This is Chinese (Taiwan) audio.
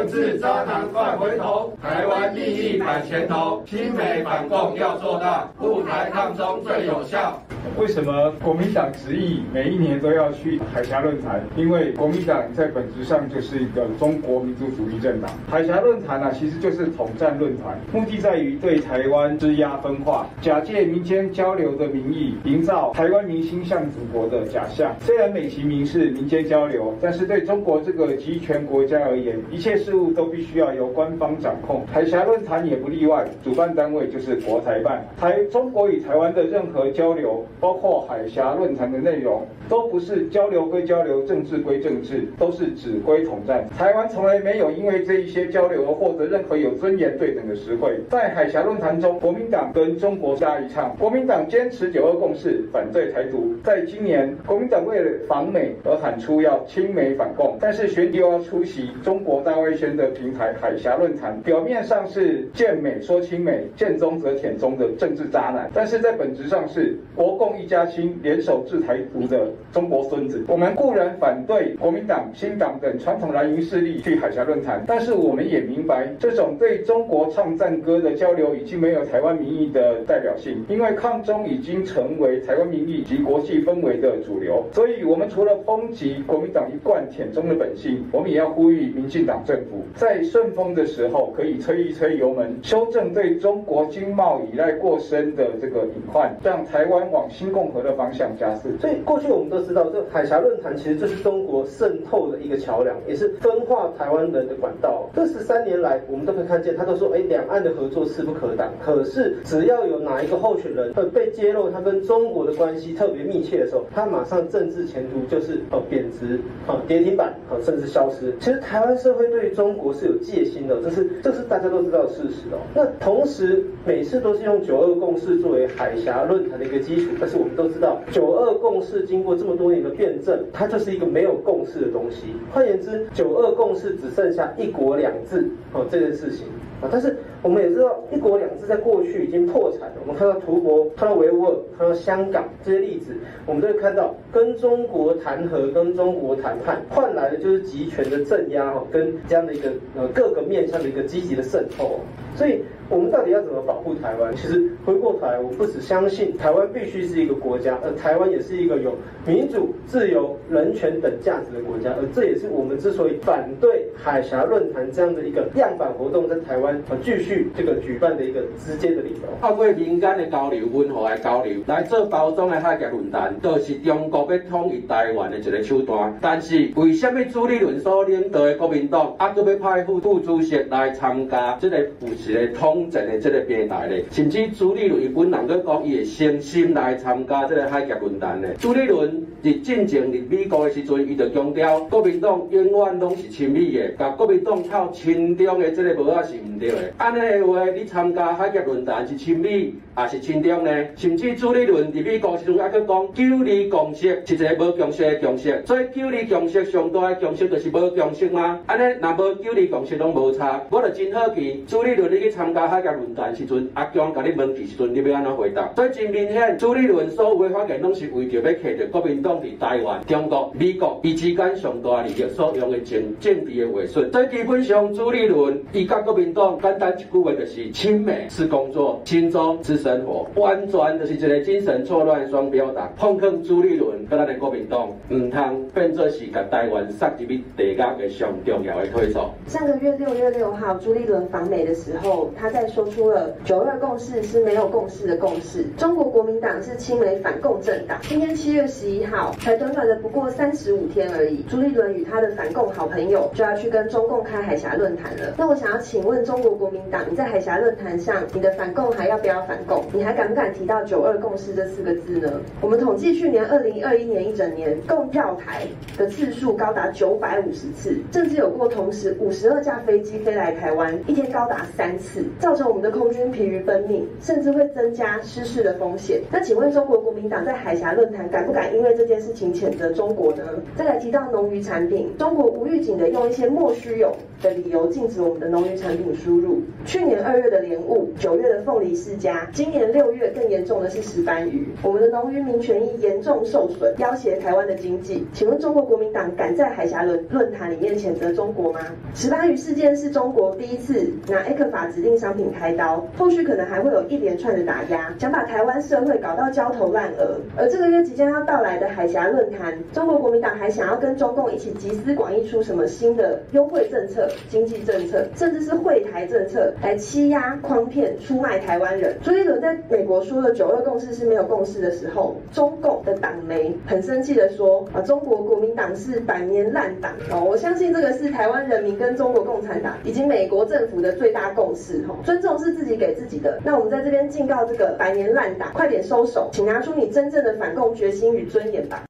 政治渣男快回頭！台灣利益擺前頭，親美反共要做到，護台抗中最有效。為什麼國民黨執意每一年都要去海峽論壇？因為國民黨在本質上就是一個中國民族主義政黨。海峽論壇呢、啊，其實就是統戰論壇，目的在於對台灣施壓分化，假借民間交流的名義，營造台灣民心向祖國的假象。雖然美其名是民間交流，但是對中國這個極權國家而言，一切事務都必須要由官方掌控。海峽論壇也不例外，主辦單位就是國台辦。台中國與台灣的任何交流。包括海峽論壇的內容，都不是交流歸交流，政治歸政治，都是只歸統戰。台灣從來沒有因為這一些交流而獲得任何有尊嚴對等的實惠。在海峽論壇中，國民黨跟中國加一唱，國民黨堅持九二共識，反對台獨。在今年，國民黨為了訪美而喊出要親美反共，但是旋即要出席中國大外宣的平台——海峽論壇。表面上是見美說親美，見中則舔中的政治渣男，但是在本質上是國共。一家親聯手制台獨的中國孫子。我們固然反對國民黨、新黨等傳統藍營勢力去海峽論壇，但是我們也明白，這種對中國唱讚歌的交流已經沒有台灣民意的代表性，因為抗中已經成為台灣民意及國際氛圍的主流。所以，我們除了抨擊國民黨一貫舔中的本性，我們也要呼籲民進黨政府在順風的時候可以吹一吹油門，修正對中國經貿依賴過深的這個隱患，讓台灣往新共和的方向加速，所以過去我們都知道，這個、海峽論壇其實就是中國滲透的一個橋梁，也是分化台灣人的管道。這十三年來，我們都可以看見，他都說，哎、欸，兩岸的合作勢不可擋。可是只要有哪一個候選人被揭露他跟中國的關係特別密切的時候，他馬上政治前途就是呃貶值，哦跌停板，甚至消失。其實台灣社會對於中國是有戒心的，這是這、就是大家都知道的事實哦。那同時每次都是用九二共識作為海峽論壇的一個基礎。但是我們都知道，九二共識經過這麼多年的辯證，它就是一個沒有共識的東西。換言之，九二共識只剩下一國兩制哦，這件事情啊。但是我們也知道，一國兩制在過去已經破產了。我們看到圖博，看到維吾爾，看到香港這些例子，我們都會看到，跟中國談和，跟中國談判，換來的就是極權的鎮壓哦，跟這樣的一個呃各個面向的一個積極的滲透。所以。我們到底要怎麼保護台灣？其實回過頭來，我不只相信台灣必須是一個國家，而台灣也是一個有民主、自由、人權等價值的國家，而這也是我們之所以反對海峽論壇這樣的一個樣板活動在台灣啊、呃、繼續這個舉辦的一個直接的理由。透過民間的交流、文化來交流，來做包裝的海峽論壇，都、就是中國被統一台灣的這個手段。但是為甚麽朱立倫所領導的國民黨，還、啊、都被派副副主主席來參加這個扶持的統講正的，的，這個平台咧，甚至朱立倫伊本人都講，伊會誠心來參加這個海峽論壇的。朱立倫佇進前入美國的時陣，伊就強調國民黨永遠攏是親美的，甲國民黨靠親中嘅這個無啊是唔對的。安尼的話，你參加海峽論壇是親美。啊是清調呢，甚至朱立倫佇美國時陣，還佫講九二共識，是一個無共識的共識。所以九二共識上大個共識，共識就是無共識嗎？安尼，若無九二共識，攏無差，我着真好奇，朱立倫你去參加迄個論壇時陣，阿強甲你問起時陣，你要安怎回答？所以真明顯，朱立倫所有個發言，攏是為着要揢着國民黨佇台灣、中國、美國，伊之間上大利益所用個政治地個話術。所以基本上主，朱立倫伊甲國民黨簡單一句話，就是親美是工作，親中是神。生活不安全就是一個精神錯亂雙標黨。碰碰朱立倫跟咱的國民黨，唔通變作是甲台灣塞一筆地價嘅上重要嘅推手。上個月六月六號，朱立倫訪美的時候，他在說出了“九二共識”是沒有共識的共識。中國國民黨是親美反共政黨。今天七月十一號，才短短的不過三十五天而已，朱立倫與他的反共好朋友就要去跟中共開海峽論壇了。那我想要請問中國國民黨，你在海峽論壇上，你的反共還要不要反共？你還敢不敢提到“九二共識”這四個字呢？我們統計去年二零二一年一整年共擾台的次數高達九百五十次，甚至有過同時五十二架飛機飛來台灣，一天高達三次，造成我們的空軍疲於奔命，甚至會增加失事的風險。那請問中國國民黨在海峽論壇敢不敢因為這件事情譴責中國呢？再來提到農漁產品，中國無預警的用一些莫須有的理由禁止我們的農漁產品輸入，去年二月的蓮霧，九月的鳳梨釋迦。今年六月更嚴重的是石斑魚，我們的農漁民權益嚴重受損，要挾台灣的經濟。請問中國國民黨敢在海峽論論壇裡面譴責中國嗎？石斑魚事件是中國第一次拿 ECFA 指定商品開刀，後續可能還會有一連串的打壓，想把台灣社會搞到焦頭爛額。而這個月即將要到來的海峽論壇，中國國民黨還想要跟中共一起集思廣益出什麼新的優惠政策、經濟政策，甚至是惠台政策，來欺壓、誆騙、出賣台灣人。所以。在美國說了“九二共識”是沒有共識的時候，中共的黨媒很生氣的說：“啊，中國國民黨是百年爛黨哦！”我相信這個是台灣人民跟中國共產黨以及美國政府的最大共識。哦，尊重是自己給自己的。那我們在這邊敬告這個百年爛黨，快點收手，請拿出你真正的反共決心與尊嚴吧。